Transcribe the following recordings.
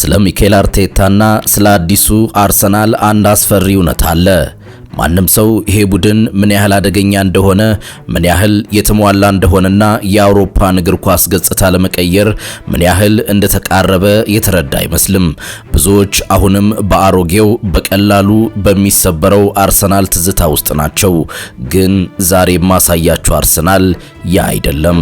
ስለ ሚኬል አርቴታና ስለ አዲሱ አርሰናል አንድ አስፈሪ እውነት አለ። ማንም ሰው ይሄ ቡድን ምን ያህል አደገኛ እንደሆነ ምን ያህል የተሟላ እንደሆነና የአውሮፓን እግር ኳስ ገጽታ ለመቀየር ምን ያህል እንደተቃረበ የተረዳ አይመስልም። ብዙዎች አሁንም በአሮጌው በቀላሉ በሚሰበረው አርሰናል ትዝታ ውስጥ ናቸው። ግን ዛሬ የማሳያችሁ አርሰናል ያ አይደለም።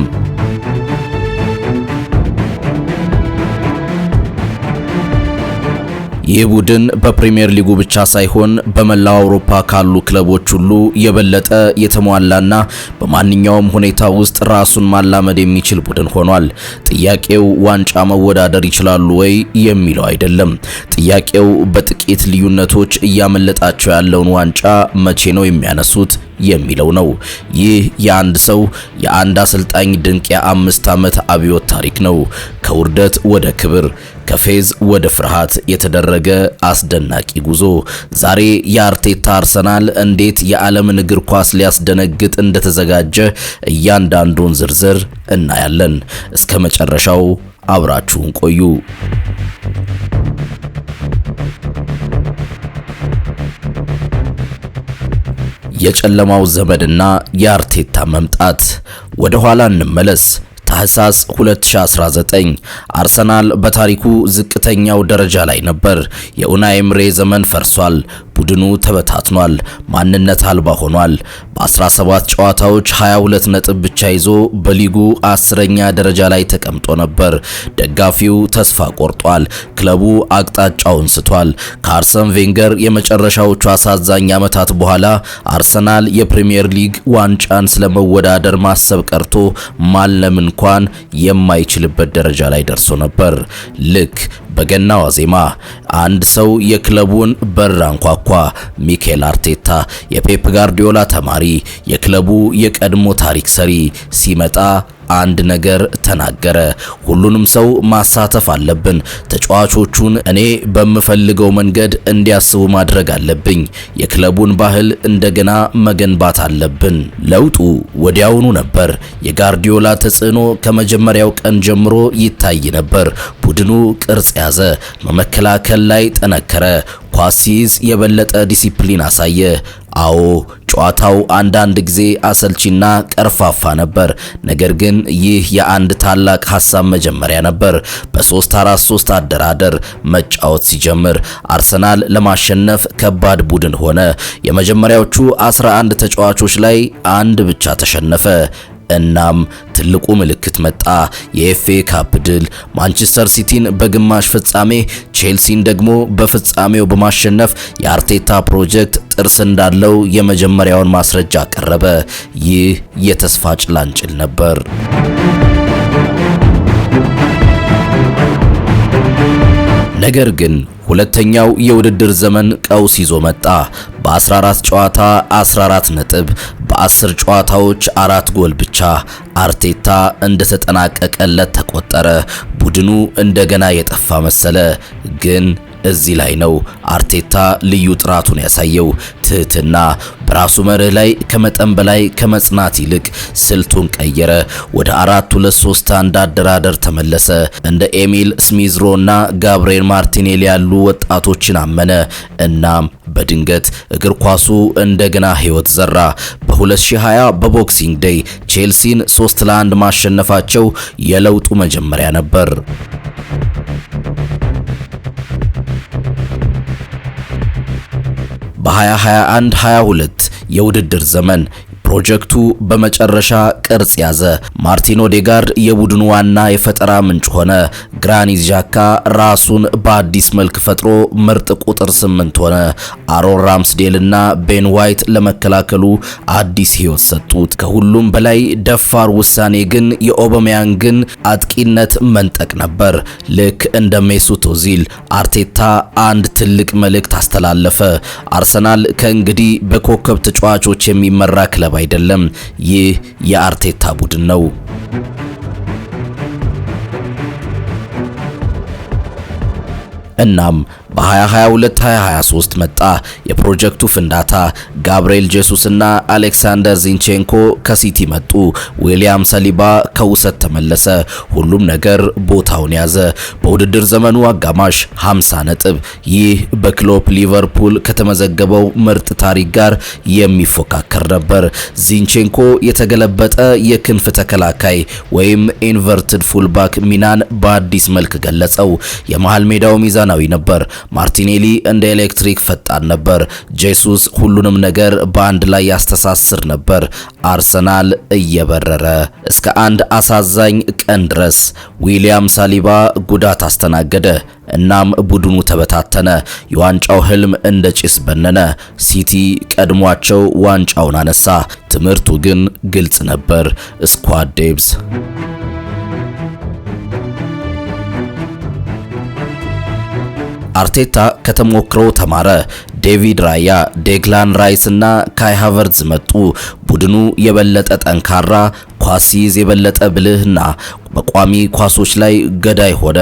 ይህ ቡድን በፕሪምየር ሊጉ ብቻ ሳይሆን በመላው አውሮፓ ካሉ ክለቦች ሁሉ የበለጠ የተሟላና በማንኛውም ሁኔታ ውስጥ ራሱን ማላመድ የሚችል ቡድን ሆኗል። ጥያቄው ዋንጫ መወዳደር ይችላሉ ወይ የሚለው አይደለም። ጥያቄው በጥቂት ልዩነቶች እያመለጣቸው ያለውን ዋንጫ መቼ ነው የሚያነሱት የሚለው ነው። ይህ የአንድ ሰው የአንድ አሰልጣኝ ድንቅ የአምስት ዓመት አብዮት ታሪክ ነው። ከውርደት ወደ ክብር ከፌዝ ወደ ፍርሃት የተደረገ አስደናቂ ጉዞ። ዛሬ የአርቴታ አርሰናል እንዴት የዓለምን እግር ኳስ ሊያስደነግጥ እንደተዘጋጀ እያንዳንዱን ዝርዝር እናያለን። እስከ መጨረሻው አብራችሁን ቆዩ። የጨለማው ዘመድና የአርቴታ መምጣት። ወደ ኋላ እንመለስ። ታህሳስ 2019 አርሰናል በታሪኩ ዝቅተኛው ደረጃ ላይ ነበር። የኡናይ ኤምሬ ዘመን ፈርሷል። ቡድኑ ተበታትኗል፣ ማንነት አልባ ሆኗል። በ17 ጨዋታዎች 22 ነጥብ ብቻ ይዞ በሊጉ አስረኛ ደረጃ ላይ ተቀምጦ ነበር። ደጋፊው ተስፋ ቆርጧል። ክለቡ አቅጣጫውን ስቷል። ከአርሰን ቬንገር የመጨረሻዎቹ አሳዛኝ ዓመታት በኋላ አርሰናል የፕሪሚየር ሊግ ዋንጫን ስለመወዳደር ማሰብ ቀርቶ ማለም እንኳን የማይችልበት ደረጃ ላይ ደርሶ ነበር። ልክ በገና ዋዜማ አንድ ሰው የክለቡን በር አንኳኳ። ሚኬል አርቴታ የፔፕ ጋርዲዮላ ተማሪ፣ የክለቡ የቀድሞ ታሪክ ሰሪ ሲመጣ አንድ ነገር ተናገረ። ሁሉንም ሰው ማሳተፍ አለብን። ተጫዋቾቹን እኔ በምፈልገው መንገድ እንዲያስቡ ማድረግ አለብኝ። የክለቡን ባህል እንደገና መገንባት አለብን። ለውጡ ወዲያውኑ ነበር። የጋርዲዮላ ተጽዕኖ ከመጀመሪያው ቀን ጀምሮ ይታይ ነበር። ቡድኑ ቅርጽ ያዘ፣ በመከላከል ላይ ጠነከረ፣ ኳስ ሲይዝ የበለጠ ዲሲፕሊን አሳየ። አዎ ጨዋታው አንዳንድ ጊዜ አሰልቺና ቀርፋፋ ነበር። ነገር ግን ይህ የአንድ ታላቅ ሐሳብ መጀመሪያ ነበር። በ343 አደራደር መጫወት ሲጀምር አርሰናል ለማሸነፍ ከባድ ቡድን ሆነ። የመጀመሪያዎቹ 11 ተጫዋቾች ላይ አንድ ብቻ ተሸነፈ። እናም ትልቁ ምልክት መጣ። የኤፍኤ ካፕ ድል ማንቸስተር ሲቲን በግማሽ ፍጻሜ፣ ቼልሲን ደግሞ በፍጻሜው በማሸነፍ የአርቴታ ፕሮጀክት ጥርስ እንዳለው የመጀመሪያውን ማስረጃ ቀረበ። ይህ የተስፋ ጭላንጭል ነበር። ነገር ግን ሁለተኛው የውድድር ዘመን ቀውስ ይዞ መጣ። በ14 ጨዋታ 14 ነጥብ፣ በ10 ጨዋታዎች አራት ጎል ብቻ አርቴታ እንደተጠናቀቀለት ተቆጠረ። ቡድኑ እንደገና የጠፋ መሰለ ግን እዚህ ላይ ነው አርቴታ ልዩ ጥራቱን ያሳየው። ትህትና በራሱ መርህ ላይ ከመጠን በላይ ከመጽናት ይልቅ ስልቱን ቀየረ። ወደ አራት ሁለት ሶስት አንድ አደራደር ተመለሰ። እንደ ኤሚል ስሚዝሮ እና ጋብርኤል ማርቲኔሊ ያሉ ወጣቶችን አመነ። እናም በድንገት እግር ኳሱ እንደገና ህይወት ዘራ። በ2020 በቦክሲንግ ዴይ ቼልሲን 3 ለ1 ማሸነፋቸው የለውጡ መጀመሪያ ነበር። በ2021-22 የውድድር ዘመን ፕሮጀክቱ በመጨረሻ ቅርጽ ያዘ። ማርቲን ኦዴጋርድ የቡድኑ ዋና የፈጠራ ምንጭ ሆነ። ግራኒት ዣካ ራሱን በአዲስ መልክ ፈጥሮ ምርጥ ቁጥር ስምንት ሆነ። አሮን እና ቤን ዋይት ለመከላከሉ አዲስ ሕይወት ሰጡት። ከሁሉም በላይ ደፋር ውሳኔ ግን ግን አጥቂነት መንጠቅ ነበር። ልክ እንደ ሜሱት ኦዚል አርቴታ አንድ ትልቅ መልእክት አስተላለፈ። አርሰናል ከእንግዲህ በኮከብ ተጫዋቾች የሚመራ ክለብ አይደለም። ይህ የአርቴታ ቡድን ነው። እናም በ2022-2023 መጣ። የፕሮጀክቱ ፍንዳታ ጋብርኤል እና አሌክሳንደር ዚንቼንኮ ከሲቲ መጡ። ዊሊያም ሰሊባ ከውሰት ተመለሰ። ሁሉም ነገር ቦታውን ያዘ። በውድድር ዘመኑ አጋማሽ 50 ነጥብ። ይህ በክሎፕ ሊቨርፑል ከተመዘገበው ምርጥ ታሪክ ጋር የሚፎካከር ነበር። ዚንቼንኮ የተገለበጠ የክንፍ ተከላካይ ወይም ኢንቨርትድ ፉልባክ ሚናን በአዲስ መልክ ገለጸው። የመሃል ሜዳው ሚዛናዊ ነበር። ማርቲኔሊ እንደ ኤሌክትሪክ ፈጣን ነበር። ጄሱስ ሁሉንም ነገር በአንድ ላይ ያስተሳስር ነበር። አርሰናል እየበረረ እስከ አንድ አሳዛኝ ቀን ድረስ ዊሊያም ሳሊባ ጉዳት አስተናገደ። እናም ቡድኑ ተበታተነ። የዋንጫው ህልም እንደ ጭስ በነነ። ሲቲ ቀድሟቸው ዋንጫውን አነሳ። ትምህርቱ ግን ግልጽ ነበር። ስኳድ ዴብስ አርቴታ ከተሞክሮው ተማረ። ዴቪድ ራያ፣ ዴክላን ራይስ እና ካይ ሃቨርትዝ መጡ። ቡድኑ የበለጠ ጠንካራ ኳስ ሲይዝ የበለጠ ብልህና በቋሚ ኳሶች ላይ ገዳይ ሆነ።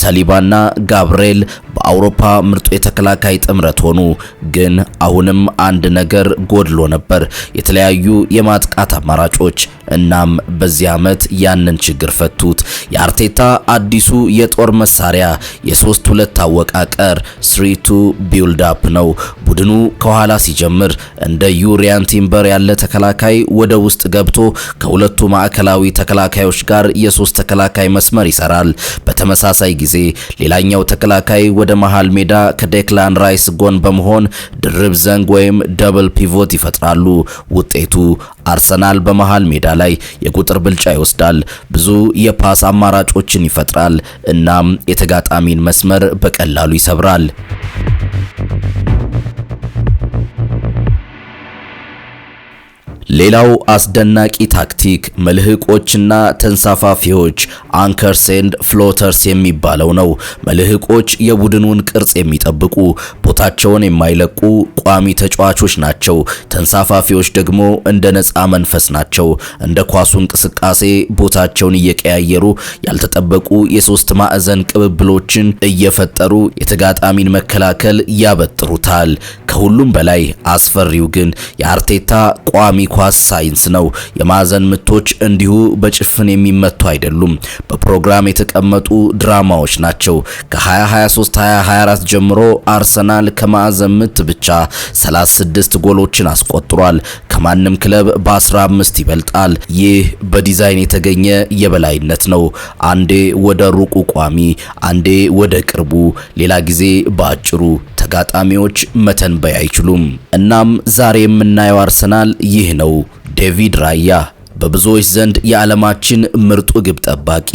ሰሊባና ጋብርኤል በአውሮፓ ምርጡ የተከላካይ ጥምረት ሆኑ። ግን አሁንም አንድ ነገር ጎድሎ ነበር፣ የተለያዩ የማጥቃት አማራጮች። እናም በዚህ ዓመት ያንን ችግር ፈቱት። የአርቴታ አዲሱ የጦር መሳሪያ የሶስት ሁለት አወቃቀር ስሪቱ ቢልድ አፕ ነው። ቡድኑ ከኋላ ሲጀምር እንደ ዩሪያን ቲምበር ያለ ተከላካይ ወደ ውስጥ ገብቶ ከሁለቱ ማዕከላዊ ተከላካዮች ጋር የሶስት ተከላካይ መስመር ይሰራል። በተመሳሳይ ጊዜ ሌላኛው ተከላካይ ወደ ወደ መሃል ሜዳ ከዴክላን ራይስ ጎን በመሆን ድርብ ዘንግ ወይም ደብል ፒቮት ይፈጥራሉ። ውጤቱ አርሰናል በመሃል ሜዳ ላይ የቁጥር ብልጫ ይወስዳል፣ ብዙ የፓስ አማራጮችን ይፈጥራል፣ እናም የተጋጣሚን መስመር በቀላሉ ይሰብራል። ሌላው አስደናቂ ታክቲክ መልህቆችና ተንሳፋፊዎች አንከርስ ኤንድ ፍሎተርስ የሚባለው ነው። መልህቆች የቡድኑን ቅርጽ የሚጠብቁ ቦታቸውን የማይለቁ ቋሚ ተጫዋቾች ናቸው። ተንሳፋፊዎች ደግሞ እንደ ነፃ መንፈስ ናቸው። እንደ ኳሱ እንቅስቃሴ ቦታቸውን እየቀያየሩ ያልተጠበቁ የሶስት ማዕዘን ቅብብሎችን እየፈጠሩ የተጋጣሚን መከላከል ያበጥሩታል። ከሁሉም በላይ አስፈሪው ግን የአርቴታ ቋሚ ኳስ ሳይንስ ነው። የማዕዘን ምቶች እንዲሁ በጭፍን የሚመቱ አይደሉም፣ በፕሮግራም የተቀመጡ ድራማዎች ናቸው። ከ2023 2024 ጀምሮ አርሰናል ከማዕዘን ምት ብቻ 36 ጎሎችን አስቆጥሯል። ከማንም ክለብ በ15 ይበልጣል። ይህ በዲዛይን የተገኘ የበላይነት ነው። አንዴ ወደ ሩቁ ቋሚ፣ አንዴ ወደ ቅርቡ፣ ሌላ ጊዜ በአጭሩ አጋጣሚዎች መተንበይ አይችሉም። እናም ዛሬ የምናየው አርሰናል ይህ ነው። ዴቪድ ራያ በብዙዎች ዘንድ የዓለማችን ምርጡ ግብ ጠባቂ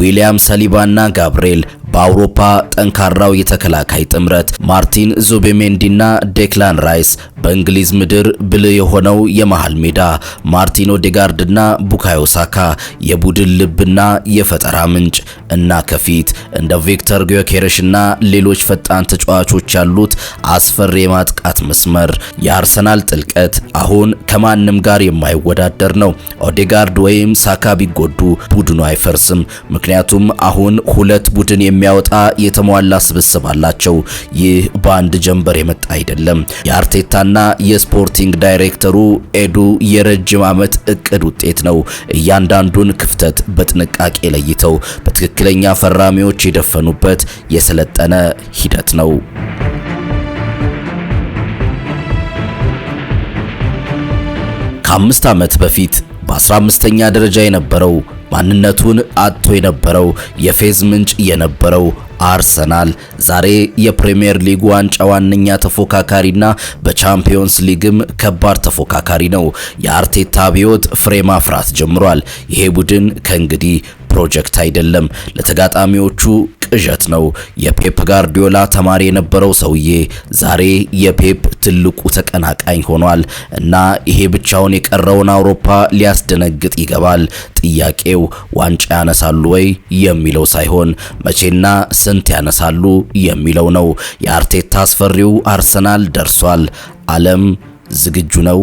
ዊሊያም ሰሊባና ጋብርኤል በአውሮፓ ጠንካራው የተከላካይ ጥምረት ማርቲን ዙቤሜንዲና ዴክላን ራይስ በእንግሊዝ ምድር ብልህ የሆነው የመሃል ሜዳ ማርቲን ኦዴጋርድና ቡካዮ ሳካ የቡድን ልብና የፈጠራ ምንጭ እና ከፊት እንደ ቪክተር ጊዮኬሬሽና ሌሎች ፈጣን ተጫዋቾች ያሉት አስፈሪ የማጥቃት መስመር የአርሰናል ጥልቀት አሁን ከማንም ጋር የማይወዳደር ነው። ኦዴጋርድ ወይም ሳካ ቢጎዱ ቡድኑ አይፈርስም። ምክንያቱም አሁን ሁለት ቡድን የሚያወጣ የተሟላ ስብስብ አላቸው። ይህ በአንድ ጀንበር የመጣ አይደለም። የአርቴታና የስፖርቲንግ ዳይሬክተሩ ኤዱ የረጅም ዓመት እቅድ ውጤት ነው። እያንዳንዱን ክፍተት በጥንቃቄ ለይተው በትክክለኛ ፈራሚዎች የደፈኑበት የሰለጠነ ሂደት ነው። ከአምስት ዓመት በፊት በ15ኛ ደረጃ የነበረው ማንነቱን አጥቶ የነበረው የፌዝ ምንጭ የነበረው አርሰናል ዛሬ የፕሪሚየር ሊግ ዋንጫ ዋነኛ ተፎካካሪና በቻምፒዮንስ ሊግም ከባድ ተፎካካሪ ነው። የአርቴታ አብዮት ፍሬ ማፍራት ጀምሯል። ይሄ ቡድን ከእንግዲህ ፕሮጀክት አይደለም፣ ለተጋጣሚዎቹ ቅዠት ነው። የፔፕ ጋርዲዮላ ተማሪ የነበረው ሰውዬ ዛሬ የፔፕ ትልቁ ተቀናቃኝ ሆኗል እና ይሄ ብቻውን የቀረውን አውሮፓ ሊያስደነግጥ ይገባል። ጥያቄው ዋንጫ ያነሳሉ ወይ የሚለው ሳይሆን መቼና ስንት ያነሳሉ የሚለው ነው። የአርቴታ አስፈሪው አርሰናል ደርሷል። ዓለም ዝግጁ ነው?